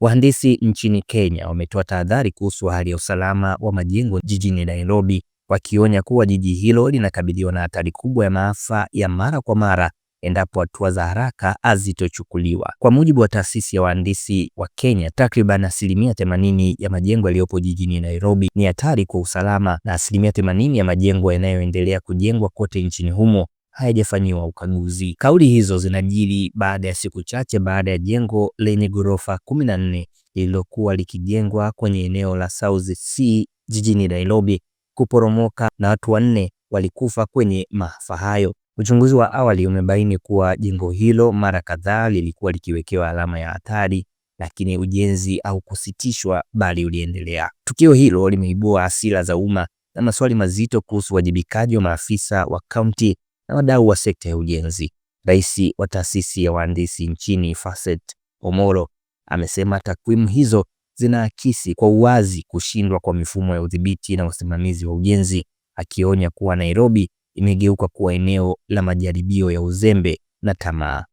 Wahandisi nchini Kenya wametoa tahadhari kuhusu hali ya usalama wa majengo jijini Nairobi, wakionya kuwa jiji hilo linakabiliwa na hatari kubwa ya maafa ya mara kwa mara endapo hatua za haraka hazitochukuliwa. Kwa mujibu wa taasisi ya wahandisi wa Kenya, takriban asilimia themanini ya majengo yaliyopo jijini Nairobi ni hatari kwa usalama, na asilimia ya majengo yanayoendelea kujengwa kote nchini humo hayajafanyiwa ukaguzi. Kauli hizo zinajiri baada ya siku chache baada ya jengo lenye ghorofa 14 lililokuwa likijengwa kwenye eneo la South C jijini Nairobi kuporomoka na watu wanne walikufa kwenye maafa hayo. Uchunguzi wa awali umebaini kuwa jengo hilo mara kadhaa lilikuwa likiwekewa alama ya hatari, lakini ujenzi au kusitishwa bali uliendelea. Tukio hilo limeibua hasira za umma na maswali mazito kuhusu uwajibikaji wa maafisa wa kaunti na wadau wa sekta ya ujenzi. Rais wa taasisi ya wahandisi nchini Facet Omoro amesema takwimu hizo zinaakisi kwa uwazi kushindwa kwa mifumo ya udhibiti na usimamizi wa ujenzi, akionya kuwa Nairobi imegeuka kuwa eneo la majaribio ya uzembe na tamaa.